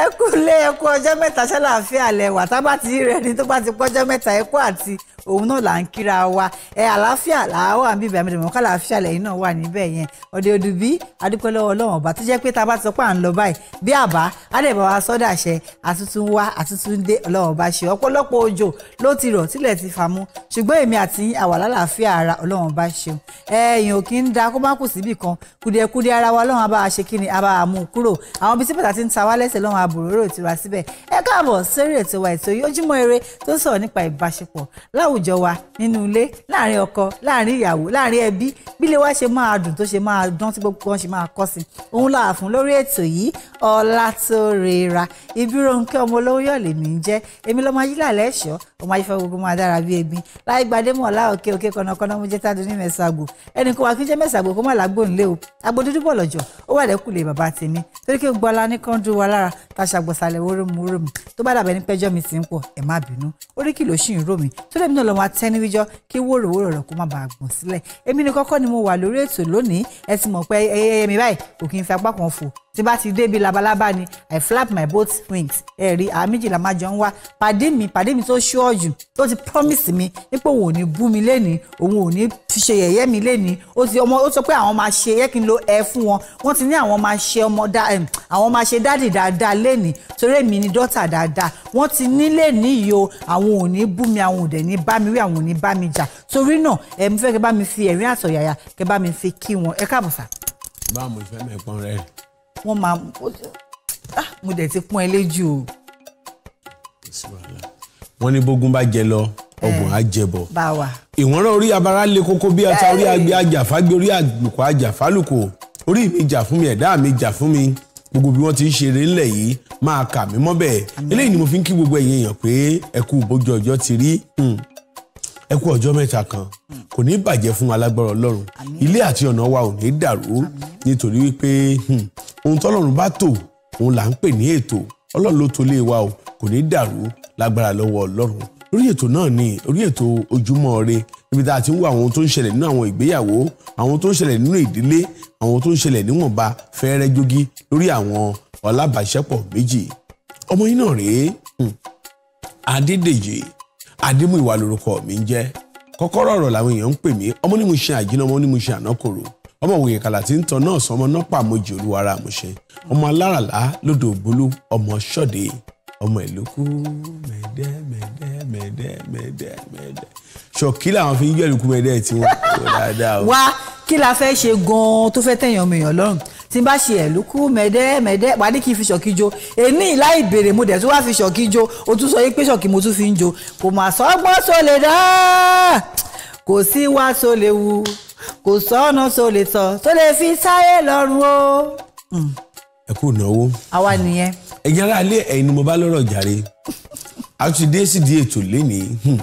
ẹ kú lé ẹ kú ọjọ́ mẹ́ta ṣáláàfin àlẹ́ wà tá bá ti rí rẹ̀ ni tó bá ti pọ́jọ́ mẹ́ta ẹ àti òun náà là ń kíra wa ẹ àlàáfíà làwọn àmì ìbẹ̀rẹ̀ mẹ́tẹ̀ẹ̀mọ́ ká àlàáfíà lẹ́yìn náà wà níbẹ̀ yẹn ọ̀dẹ òdùbí adúpẹ́ lọ́wọ́ ọlọ́run ọba tó jẹ́ pé tá a bá ti sọ pé à ń lọ báyìí bí àbá àdẹ̀bà wa sọ́dà ṣẹ àtúntún wá àtúntún dé ọlọ́run ọba ṣe ọ̀pọ̀lọpọ̀ òjò ló ti rọ̀ tílẹ̀ ti fàmú ṣùgbọ́n èmi àti àwa lálàáfíà ara ọlọ́run ọba ṣe ni abá mú un kúrò àwọn ibi tí bàtà ti ń ta wá lẹ́sẹ̀ lọ́run àbòrò rò tiwa síbẹ̀ ẹ káàbọ̀ sórí láwùjọ wa nínú ilé láàrin ọkọ láàrin ìyàwó láàrin ẹbí bílé wa ṣe máa dùn tó ṣe máa dán tí gbogbo wọn ṣe máa kọ́ sí òun là fún lórí ètò yìí Ọlátórẹra Ìbírónkẹ́ ọmọ olówó yọ̀lẹ̀ mi ń jẹ́ èmi lọ́mọ ayílà lẹ́ṣọ́ ọmọ ayífẹ́ gbogbo máa dára bí ebi láì gbadé mọ̀ ọ̀la òkè òkè kọ̀nàkọ̀nà mo jẹ́ tá a dún ní mẹ́sàgbò ẹnì kan wà kí n jẹ́ mẹ́sàgbò kó má làgbò ńlé o agbo dúdú bọ̀ lọ́jọ́ ó wà lẹ́kùlé bàbá tèmi torí kí gbọ́lá ní kan dúró wa lára tá a ṣàgbọ̀sálẹ̀ wóró mu wóró mu tó bá dàbẹ̀ ní pẹ́jọ́ mi ti ń pọ̀ ẹ̀ má bínú oríkì ló ń rò mí tó lẹ́mi náà náà lọ́mọ atẹ́niwíjọ kí wòròwòrò rẹ̀ kó má bàa gbọ̀n sílẹ̀ èmi ni kọ́kọ́ ni mo wà lórí ètò lónìí ẹ ti mọ̀ pé ẹyẹ mi báyìí kò kí fi apá kan fò tí bá ti débi labalábá ni i flap my both wings ẹ rí àwọn méjìlá máa jọ ń wá pàdé mi pàdé mi tó sure jù tó ti promise mi nípò òun ò ní bú mi lẹ́nìí òun ò ní ṣe yẹ̀yẹ́ mi lẹ́nìí ó ti ọmọ ó sọ pé àwọn máa ṣe yẹ kí n lo ẹ fún wọn wọ́n ti ní àwọn máa ṣe ọmọ dá àwọn máa ṣe dáàdì dáadáa lẹ́nìí torí èmi ni dọ́tà dáadáa wọ́n ti ní lẹ́nìí yìí àwọn ò ní bú mi àwọn ò dẹ̀ ní bá mi wí àwọn ò ní bá mi jà torí náà ẹ mo fẹ́ kẹ́ bá mi fi ẹ̀rín àtọ̀yàyà kẹ́ bá mi fi wọ́n máa ah, mo dẹ̀ ti pọ́n ẹ léjù o. wọ́n ní bógún bá jẹ lọ ọgbọ̀n á jẹbọ. báwa. ìwọ́nrán orí abara le koko bí ata orí agbe ajàfágbé orí àgbùkọ ajàfálùkò orí mi jà fún mi ẹ̀dá mi jà fún mi gbogbo bí wọ́n ti ń ṣeré ńlẹ̀ yìí máa kà mí mọ́ eléyìí ni mo fi ń kí gbogbo ẹ̀yin èèyàn pé ẹ kú bójú ti rí hmm. ẹ kú ọjọ́ kan hmm. kò ní bàjẹ́ fún alágbára ọlọ́run ilé àti ọ̀nà wa ò ní dàrú nítorí wípé hmm, ohun tọ́lọ́run bá tò òun là ń pè ní ètò ọlọ́run ló tolé wa o kò ní dàrú lágbára lọ́wọ́ ọlọ́run lórí ètò náà ni orí ètò ojúmọ́ ire níbi tá a ti ń wo àwọn tó ń ṣẹlẹ̀ nínú àwọn ìgbéyàwó àwọn tó ń ṣẹlẹ̀ nínú ìdílé àwọn tó ń ṣẹlẹ̀ níwọ̀nba fẹ́ẹ́rẹ́ jogi lórí àwọn alábàáṣẹ́pọ̀ méjì ọmọ yìí náà rèé hmm, Adédèjì Adémúyìwá lórúkọ mi ń jẹ́ kọ́kọ́rọ́ ọ̀rọ̀ làwọn èèyàn ń pè mí ọmọ ní mo ṣe àjìnà ọmọ ní mo ṣe ànákòrò ọmọ òwòye kàlà tí ń tọ náà sọmọ náà pàmòjì olúwara àmúṣe ọmọ aláràlá lódò ògbólú ọmọ ṣọdẹ ọmọ ìlókù mẹdẹ mẹdẹ mẹdẹ mẹdẹ mẹdẹ ṣọkí làwọn fi ń yẹ ìlúkù mẹdẹ tí wọn kò dáadáa o. wá kí la fẹ́ ṣe gan-an tó fẹ́ tẹ̀yàn ọmọ èèyàn lọ́rùn tí n bá ṣe ẹ̀lúkú mẹ̀dẹ́ mẹ̀dẹ́ wàdí kì í fi ṣọ̀kí jo èní láì béèrè mo dẹ̀ tó wá fi ṣọ̀kí jo o tún sọ yí pé ṣọ̀kí mo tún fi ń jo kò mà sọ́gbọ́n sólè dáa kò sí wá sólè wu kò sọ́nà sólè tọ̀ sólè fi sáyé lọ́rùn o. Hmm. ẹ kú ìnáwó. àwa nìyẹn. ẹ̀yin ará ilé ẹ̀yin ni mo bá lọ́rọ̀ jàre a ti dé ètò lénìí hmm.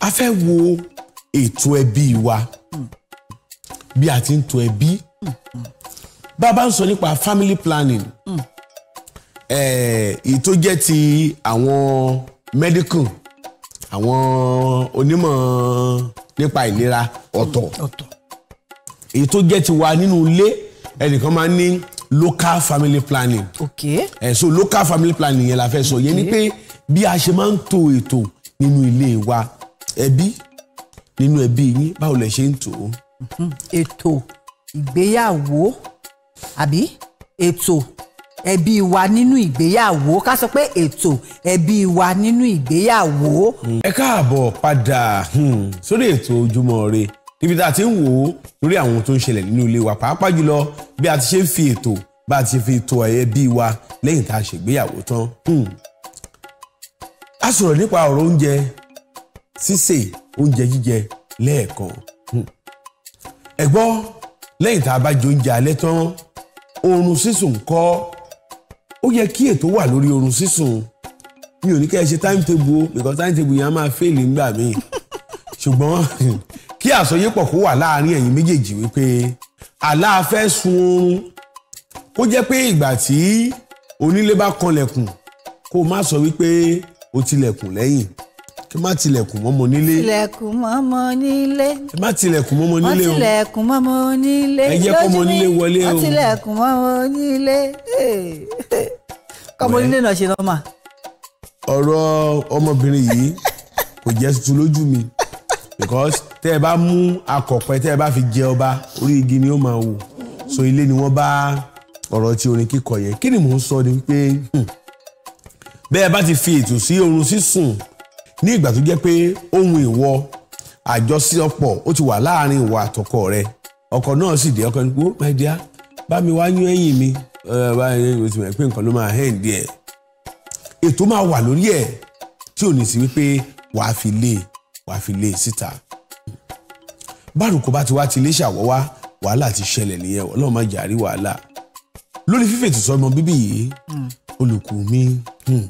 a fẹ́ wo ètò ẹbí wa bí a ti ń tò ẹbí bàbá ń sọ nípa family planning hmm. eh, èyí tó jẹ́ ti àwọn medical àwọn onímọ̀ nípa ìlera ọ̀tọ̀ èyí tó jẹ́ ti wa nínú ilé ẹnìkan máa ń ní local family planning okay. eh, so local family planning yẹn la fẹ́ sọ yẹn ni pé bí a ṣe máa ń to ètò nínú ilé wa ẹbí nínú ẹbí yín báwo lẹ ṣe ń tò ó. Mhm. ètò ìgbéyàwó àbí ètò ẹbí wa nínú ìgbéyàwó ká sọ pé ètò ẹbí wa nínú ìgbéyàwó. ẹ káàbọ̀ padà hmm, sórí ètò ojúmọ́ ire níbi tá a ti ń wò ó lórí àwọn ohun tó ń ṣẹlẹ̀ nínú ilé wa pàápàá jùlọ bí a ti ṣe ń fi ètò bá a ti fi ètò ẹbí wa lẹ́yìn tá a ṣègbéyàwó tán. Hmm. a sọ̀rọ̀ nípa ọ̀rọ̀ oúnjẹ sísè oúnjẹ jíjẹ lẹ́ẹ̀kan. Hmm. ẹ gbọ́ lẹ́yìn tá a bá jẹ oúnjẹ alẹ́ tán oorun sísùn kọ́ ó yẹ kí ètò wà lórí oorun sísùn mi ò ní kẹ́ ẹ ṣe timetable o because timetable yẹn á máa fail nígbà míì ṣùgbọ́n kí àsọyépọ̀ kó wà láàárín ẹ̀yin méjèèjì wípé àlàáfẹ́ sun oorun kó jẹ́ pé ìgbà tí onílé bá kanlẹ̀kùn kó má sọ wípé o tilẹ̀kùn lẹ́yìn kí má tilẹ̀kùn mọ́mọ nílé. tilẹ̀kùn mọ́mọ nílé. kí má tilẹ̀kùn mọ́mọ nílé o. wọ́n tilẹ̀kùn mọ́mọ nílé. ẹ jẹ́ kọ́mọ nílé wọlé o. wọ́n tilẹ̀kùn mọ́mọ nílé. kọ́mọ nílé náà ṣe lọ́mà. ọ̀rọ̀ ọmọbìnrin yìí kò jẹ́ tuntun lójú mi because tẹ́ ẹ bá mú akọ̀pẹ tẹ́ ẹ bá fi jẹ ọba orí igi ni ó máa wò so ilé ni wọ́n bá ọ̀rọ̀ ti orin kíkọ yẹn kí ni mò ń sọ ni pé hmm, bẹ́ẹ̀ bá ti fi ètò sí oorun sísùn ní ìgbà tó jẹ́ pé ohun ìwọ àjọṣepọ̀ ó ti wà láàrin ìwà àtọkọ rẹ ọkọ náà sì dé ọkọ nípò my dear bá mi wá yún ẹ̀yìn mi báyìí o ti mọ̀ pé nǹkan ló máa hẹ́ǹ díẹ̀ ètò máa wà lórí ẹ̀ tí ò ní sí wípé wàá fi lé wàá fi lé síta bárùkù bá ti wá ti lé ṣàwọ́wá wàhálà ti ṣẹlẹ̀ nìyẹn ọlọ́run má jàrí wàhálà lórí fífètò sọmọ bíbí yìí hmm. olùkù mi hmm,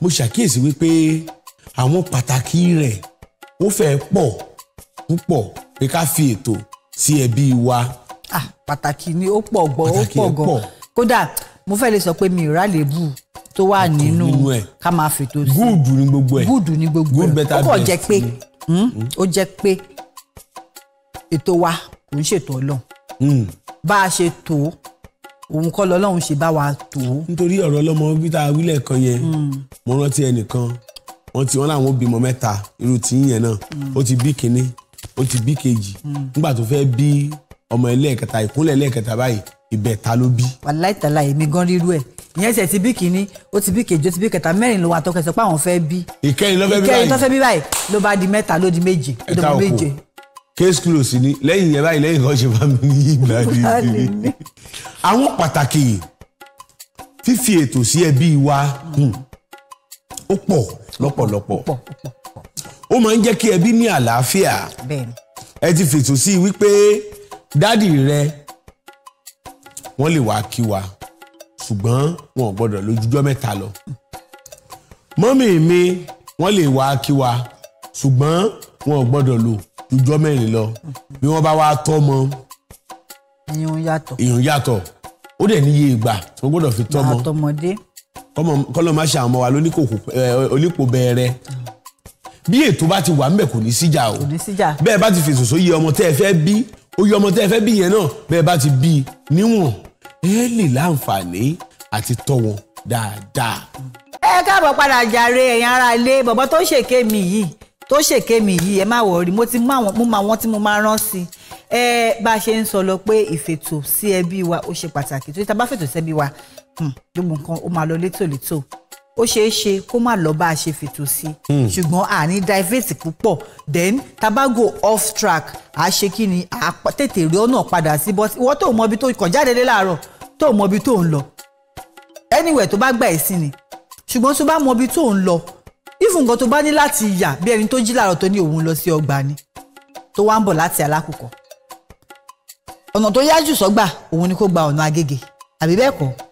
mo ṣàkíyèsí wípé àwọn pàtàkì rẹ̀ ó fẹ́ pọ̀ púpọ̀ pé ká fi ètò sí ẹbí wa. ah pàtàkì ni ó pọ̀ gan ó pọ̀ gan kódà mo fẹ́ lè sọ pé mi ò rálè bù tó wà nínú ká máa fètò sí gúùdù ní gbogbo ẹ̀ gúùdù ní gbogbo ẹ̀ ó kàn jẹ́ pé hmm, hmm. ó jẹ́ pé ètò wa kò ń ṣètò ọlọ́run hmm. bá a ṣe tó òun kọ́ lọ́lọ́run ṣe bá wa tó. nítorí ọ̀rọ̀ ọlọ́mọ bíi tá a wílẹ̀ kan yẹn mo rántí ẹnìkan wọ́n ti wọ́n làwọn bímọ mẹ́ta irú tí yẹn náà hmm. ó ti bí kínní ó ti bí kejì hmm. nígbà tó fẹ́ bí ọmọ ilé ẹ̀kẹta ìkúnlẹ̀ ilé ẹ̀kẹta báyìí ìbẹ̀ta ló bí. wàláì tàlà èmi gan rírú ẹ ìyẹn ṣe ti bí kínní ó ti bí kejì ó ti bí kẹta mẹ́rin ló wà tó kẹsàn-án pé àwọn fẹ́ bí. ìkẹyìn ló fẹ́ bí báyìí ìkẹyìn tó bí báyìí ló bá di mẹ́ta ló di méje ló di méje case close ni lẹ́yìn yẹn báyìí lẹ́yìn kan ṣe bá mi ní ìgbà rere. àwọn pàtàkì fífi ètò sí ẹbí wa hmm ó pọ̀ lọ́pọ̀lọpọ̀ ó máa ń jẹ́ kí ẹbí ní àlàáfíà ẹ ti fètò sí i wípé dádì rẹ wọ́n lè wá kí wa ṣùgbọ́n wọn ò gbọ́dọ̀ lójújọ́ mẹ́ta lọ mọ́mì mi wọ́n lè wá kí wa ṣùgbọ́n wọn ò gbọ́dọ̀ lò jújọ́ mẹ́rin lọ bí wọ́n bá wá tọ́mọ ìyún yàtọ̀ ó dẹ̀ níye ìgbà wọ́n gbọ́dọ̀ fi tọ́mọ kọ́lọ́ má ṣe àmọ́ wa onípò bẹ̀rẹ̀ bí ètò bá ti wà ńbẹ̀ kò ní síjà o bẹ́ẹ̀ bá ti fèsò sóyè ọmọ tẹ́ ẹ fẹ́ bí oyè ọmọ tẹ́ ẹ fẹ́ bí yẹn náà bẹ́ẹ̀ bá ti bí níwọ̀n ẹ lè láǹfààní àti tọ́ wọn dáadáa. ẹ káàbọ̀ padà jàre ẹ̀yin ará ilé bọ̀bọ̀ tó ṣèké mi yìí tó ṣèké mi yìí ẹ má wọrí mo ti mú àwọn tí mo máa rán sí ẹ bá a ṣe ń sọ lọ pé ìfètò sí ẹbí wa ó ṣe pàtàkì tó yẹ tá bá fètò sẹ́bí wa gbogbo hmm. nǹkan ó máa lọ létòlétò ó ṣeé ṣe kó má lọ bá a ṣe fètò sí hmm. ṣùgbọ́n àní divert púpọ̀ then tabago off track a ṣe kí ni a tètè rí ọ̀nà padà sí but ìwọ́n tó mọ ibi tó kàn jáde dé láàárọ̀ tó mọ ibi tó ń lọ anywhere tó bá gbà ẹ̀ sí ni ṣùgbọ́n tó bá mọ ibi tó ń lọ ìfún nǹkan tó bá ní láti yà bí ẹni tó jí láàárọ̀ tó ní òun lọ sí ọgbà ni tó wá ń bọ̀ láti alákùkọ ọ̀nà tó yá jù sọ́gbà òun ni kó gba ọ̀nà agége àbí bẹ́ẹ̀ kọ́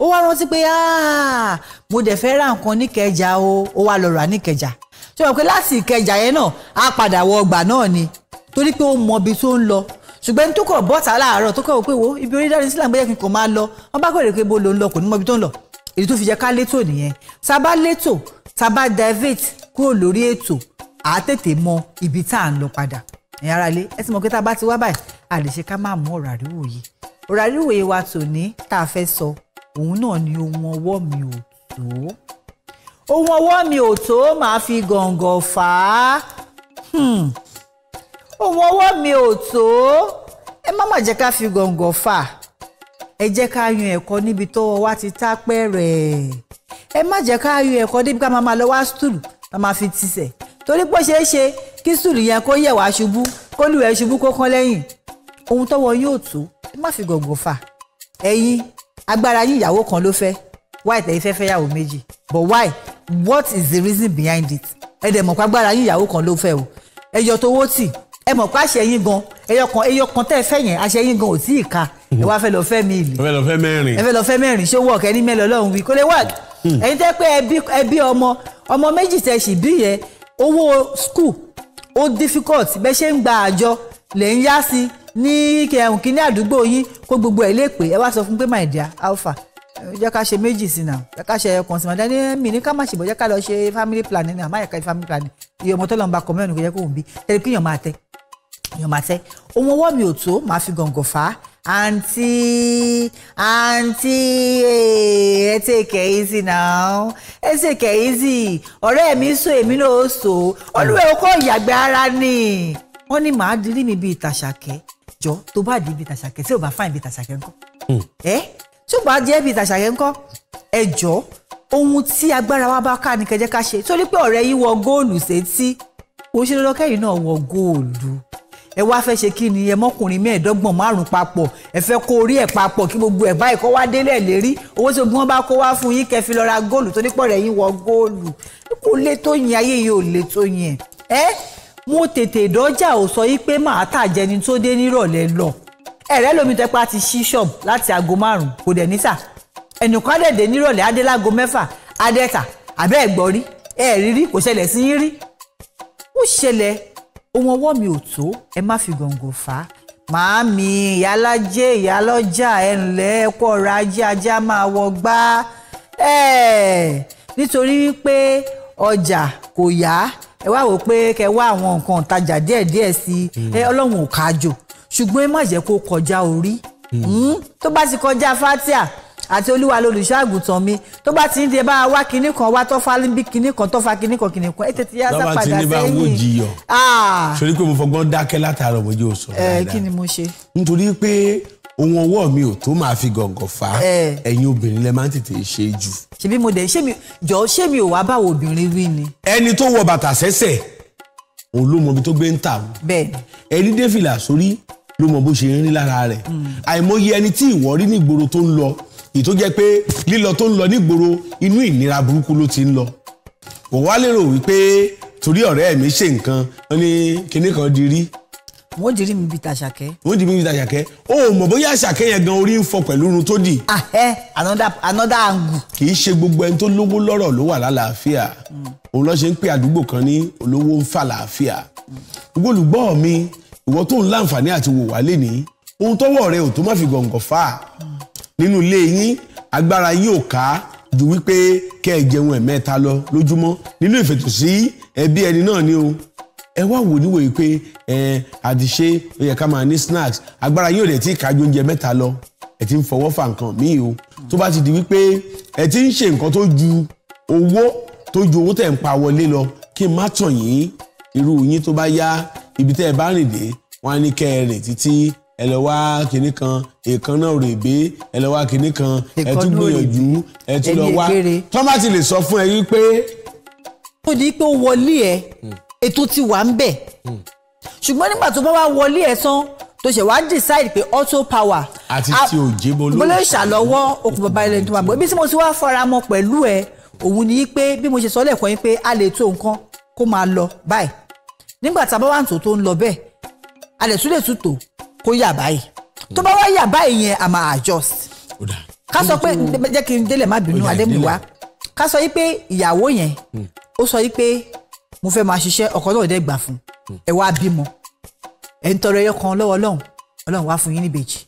ó wá rántí pé ah, mo dẹ̀ fẹ́ ra nǹkan níkẹjà o ó wá lọ rà níkẹjà tó yẹ pé láti ìkẹjà yẹn náà á padà wọ ọgbà náà ni torí pé ó mọ ibi tó ń lọ ṣùgbọ́n tó kọ̀ bọ́ta láàárọ̀ tó kọ̀ wò pé wo ibi orí dárin sílẹ̀ gbẹ́yẹ̀ kí n kò máa lọ wọ́n bá gbèrè pé bó ló ń lọ kò ní mọ ibi tó ń lọ èyí tó fi jẹ́ ká létò nìyẹn tá a bá létò tá a bá divate kúrò lórí ètò àá tètè mọ ibi tá à ń lọ padà ẹ̀yin ará ilé ẹ ti mọ̀ pé tá a bá ti wá báyìí a ṣe ká má mú ọ̀rọ̀ àríwòye ọ̀rọ̀ àríwòye wa tòní tá a fẹ́ sọ òun náà ni ohun ọwọ́ mi ò tó ohun ọwọ́ mi ò tó màá fi gàngàn fà á hmm. ohun ọwọ́ mi ò tó ẹ má má jẹ́ ká fi gàngàn fà ẹ jẹ́ ká yan ẹ̀kọ́ níbi tọ́wọ́ wa ti tá pẹ́rẹ́ ẹ má jẹ́ ká yan ẹ̀kọ́ níbi ká máa lọ wá stúlù ká máa fi tisẹ̀ torí pé ó ṣeé ṣe kí stúlù yẹn kó yẹ̀ wá ṣubú kó lù ẹ́ ṣubú kó kán lẹ́yìn ohun tọ́wọ́ yóò tó ẹ má fi gàngàn fà ẹ̀yin agbára yín ìyàwó kan ló fẹ́ why tẹ̀yìn fẹ́ fẹ́ yàwó méjì but why what is the reason behind it ẹ dẹ̀ mọ̀ pé agbára yín ìyàwó kan ló fẹ́ o ẹ yọ tówó tì ẹ mọ̀ pé àṣẹ yín gan ẹyọ kan ẹyọ kan tẹ́ fẹ́ yẹn àṣẹ yín gan ò tí ì ka ẹ wá fẹ́ lọ fẹ́ mi ìlú ẹ fẹ́ lọ fẹ́ mẹ́rin ẹ fẹ́ lọ fẹ́ mẹ́rin ṣé wọ́ọ̀kì ẹni mẹ́lẹ̀ ọlọ́run wí kó lè wà hmm. ẹ̀yin tẹ́ pé ẹ bí ọmọ ọmọ méjì tẹ́ sì bí yẹn owó school ó difficult bẹ́ẹ̀ ṣe ń gba àjọ lè ń yá sí i ní kẹhùn kí ní àdúgbò yín kó gbogbo ẹ̀ lè pè ẹ wá sọ fún pé my dear alpha jẹ́ ká ṣe méjì sí náà jẹ́ ká ṣe ẹ̀kan sí màdá ní eh, ní ká má ṣe bọ̀ jẹ́ ká lọ ṣe family planning náà má yẹ ká ṣe family planning iye ọmọ tó lọ́n ba kọ́ mẹ́rin kò yẹ kó ń bí tẹ́lẹ̀ kí yàn máa tẹ́ yàn máa tẹ́ ohun ọwọ́ mi ò tó màá fi gàngàn fà á àǹtí àǹtí eh, ẹ take it easy now ẹ take easy ọ̀rẹ́ mi sọ èmi náà sọ olúwẹ̀ ọkọ̀ ìyàgbẹ́ ara ni wọ́n ní màá dirí mi bíi tàṣàkẹ́ jọ tó bá di ibi tàṣàkẹ́ tí ò bá fáìn ibi tàṣàkẹ́ ńkọ́ hmm. ẹ tí ò bá jẹ́ ibi tàṣàkẹ́ ńkọ́ ẹ jọ ohun tí agbára wa bá ká ni kẹjẹ ká ṣe torí pé ọ̀rẹ́ yín wọ góòlù sétí òun ṣe lọ́dọ́ kẹ́yìn náà wọ góòlù ẹ wá fẹ́ ṣe kí ni ẹ mọ́kùnrin mẹ́ẹ̀ẹ́dọ́gbọ̀n márùn-ún papọ̀ ẹ fẹ́ kó orí ẹ̀ papọ̀ kí gbogbo ẹ̀ báyìí kó wá délẹ̀ lérí owó tí gbogbo wọn bá kó wá fún yín kẹ́ fi lọ ra góòlù torí pé ọ̀rẹ́ yín wọ góòlù kò lè tó yín ayé yín ò lè tó yín ẹ̀ mo tètè dọ́jà ò sọ yí pé màá tà jẹni tó dé nírọ̀lẹ́ lọ ẹ̀rẹ́ lomi tẹpa ti ṣí ṣọ́ọ̀bù láti aago márùn-ún kò dẹ̀ níta ẹnìkan dẹ̀dẹ̀ nírọ̀lẹ́ adélágo mẹ́fà adẹ́ta àbẹ́ ẹ̀gbọ́n rí ẹ̀ rírí kò ṣẹlẹ̀ sí yín rí ó ṣẹlẹ̀ ohun ọwọ́ mi ò tó ẹ má fi gàngàn fà á màámi ìyálájẹ ìyálọ́jà ẹ ǹlẹ́ ẹ ọ̀rọ̀ ajé ajá máa wọ gbá ẹ̀ nítorí wípé ọjà kò yá ẹ wá wò pé kẹ wá àwọn nǹkan ìtajà díẹ̀díẹ̀ sí hmm. ẹ ọlọ́run ò kájò ṣùgbọ́n ẹ má jẹ́ kó kọjá orí hmm. Hmm? tó bá ti kọjá fatia àti olúwa lolùṣọ́ mi tó bá ti ń de bá wa kinní kan wá tó fa níbi kinní kan tó fa kinní kan kinní kan ẹ tètè yá sá padà sẹ́yìn. lọ́wọ́ ti ní bá wò jiyọ̀ sori ah. pé mo fọgbọ́n dákẹ́ látàárọ̀ mo jẹ́ òsùn. ẹ eh, kí ni mo ṣe. nítorí pé ohun ọwọ́ mi ò tó máa fi gọ̀ǹgọ̀ fà á eh. ẹ̀yin obìnrin lẹ máa ń tètè ṣe jù. ṣebí mo dẹ̀ ṣé mi jọ ṣé mi ò wá báwo obìnrin wí ni. ẹni tó wọ bàtà sẹ́sẹ̀ òun ló mọ ibi tó gbé ń tà o. bẹ́ẹ̀ni. ẹni dé fìlà sórí ló mọ bó ṣe ń rí lára rẹ̀. Hmm. àìmọye ẹni tí ìwọ rí nígboro tó ń lọ ìtó jẹ́ pé lílọ tó ń lọ nígboro inú ìnira burúkú ló ti ń lọ. kò wá lérò wípé torí ọ̀rẹ́ mi ṣe nǹkan wọn ni kinní kan di rí wọ́n jírí mi bíi tàṣàkẹ́. wọ́n jírí mi bíi tàṣàkẹ́ o ò mọ̀ bóyá àṣàkẹ́ yẹn gan orí ń fọ pẹ̀lú irun tó dì. ahẹ́ another another angle. kì í ṣe gbogbo ẹni tó lówó lọ́rọ̀ ló wà lálàáfíà òun ló ṣe ń pè àdúgbò kan ní olówó ń fà làáfíà. gbogbo olùgbọ́ mi ìwọ tó ń láǹfààní àti wò wá lé ní ohun tọ́wọ́ rẹ ò tó má fi gọ̀ǹgọ̀ fà á nínú ilé yín agbára yín ò ká ju wípé kẹ́ ẹ jẹun ẹ̀mẹ́ta lọ lójúmọ́ nínú ìfètòsí ẹbí ẹni náà ni o ẹ wá wò níwò yìí pé ẹ àdìṣe ó ká máa ní snacks agbára yóò dẹ̀ tí kájú oúnjẹ mẹ́ta lọ ẹ ti ń fọwọ́ fa nǹkan míì o tó bá ti di wípé ẹ ti ń ṣe nǹkan tó ju owó tó ju owó tẹ̀ ń pa wọlé lọ kí n má tàn yín irú yín tó bá yá ibi tẹ́ ẹ bá rìn dé wọ́n á ní kẹ́ ẹ rìn títí ẹ lọ wá kinní kan èèkan náà rèébé ẹ lọ wá kinní kan ẹ tún gbìyànjú ẹ tún lọ wá tọ́ bá ti lè sọ fún ẹ wípé. ó di pé ó wọlé ẹ hmm ètò ti wà ń bẹ̀ hmm. ṣùgbọ́n nígbà tó bá wá wọlé ẹ̀ tán tó ṣe wá decide pé auto power àti tí ò jẹ́ bolo ìṣàlọ́wọ́ okùn bàbá ilẹ̀ tó wà bọ̀ ibi tí mo ti wá faramọ́ pẹ̀lú ẹ̀ òun ni pé bí mo ṣe sọ lẹ́ẹ̀kan yín pé a lè tó nǹkan kó máa lọ báyìí nígbà tá a bá wà ní tòótọ́ ń lọ bẹ́ẹ̀ a lè tún lè tún tò kó yà báyìí tó bá wá yà báyìí yẹn a máa adjust ká sọ pé jẹ́ kí n délẹ̀ má bínú adémùwá ká sọ yí pé ìyàwó yẹn hmm. ó sọ yí pé mo fẹ́ máa ṣiṣẹ́ ọkọ náà dẹ́ gbà fún ẹ wá bímọ ẹ ń tọrọ ẹyọ kan lọ́wọ́ ọlọ́run ọlọ́run wá fún yín níbejì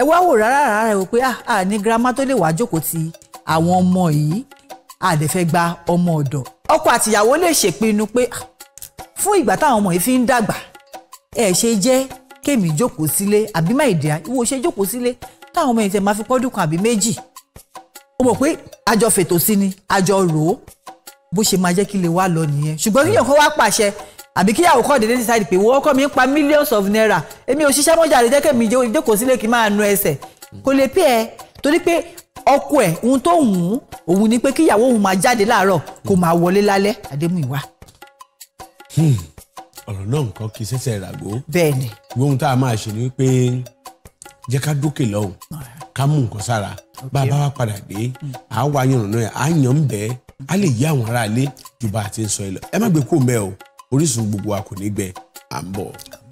ẹ wá wò rárá rárá ẹ wò pé à ah, ní girama tó lè wá jókòó ti àwọn ọmọ yìí à lè fẹ́ gba ọmọ ọ̀dọ̀ ọkọ àtìyàwó lè ṣèpinnu pé ah, fún ìgbà táwọn ọmọ yìí fi ń dàgbà ẹ ṣe jẹ́ kémi jókòó sílé àbí má ìdí ìwọ ṣe jókòó sílé táwọn ọmọ yìí tẹ máa fi pọ́dún àbí méjì ó mọ̀ pé àjọ fètò sí ni àjọ rò ó bó ṣe máa jẹ́ kí lè wá lọ nìyẹn ṣùgbọ́n kíyàn kan wá pàṣẹ àbí kíyàwó kọ́ dédé decide pé wọ́n kọ́ mi ń pa millions of naira èmi ò ṣiṣẹ́ mọ́jà lè jẹ́kẹ́ mi jókòó sílé kí n máa nu ẹsẹ̀ kò lè pẹ́ ẹ torí pé ọkọ ẹ̀ ohun tó wù ú òun ni pé kíyàwó òun máa jáde láàárọ̀ kó máa wọlé lálẹ́ àdémùíwá. Hmm. ọ̀rọ̀ náà nǹkan kì í ṣẹ̀ṣẹ̀ ràgó. bẹ́ẹ̀ni. gbóhun tá a máa ṣe ni pé jẹ́ ká dókè lọ́hùn ká mú nǹkan sára bá a bá wa padà dé à hmm. á wá yànnà náà à á yàn bẹ́ẹ̀ a lè yá àwọn aráalé ju bá a ti ń sọ yìí lọ ẹ má gbé kó mẹ́ o Orísun gbogbo wa kò ní gbẹ à ń bọ̀.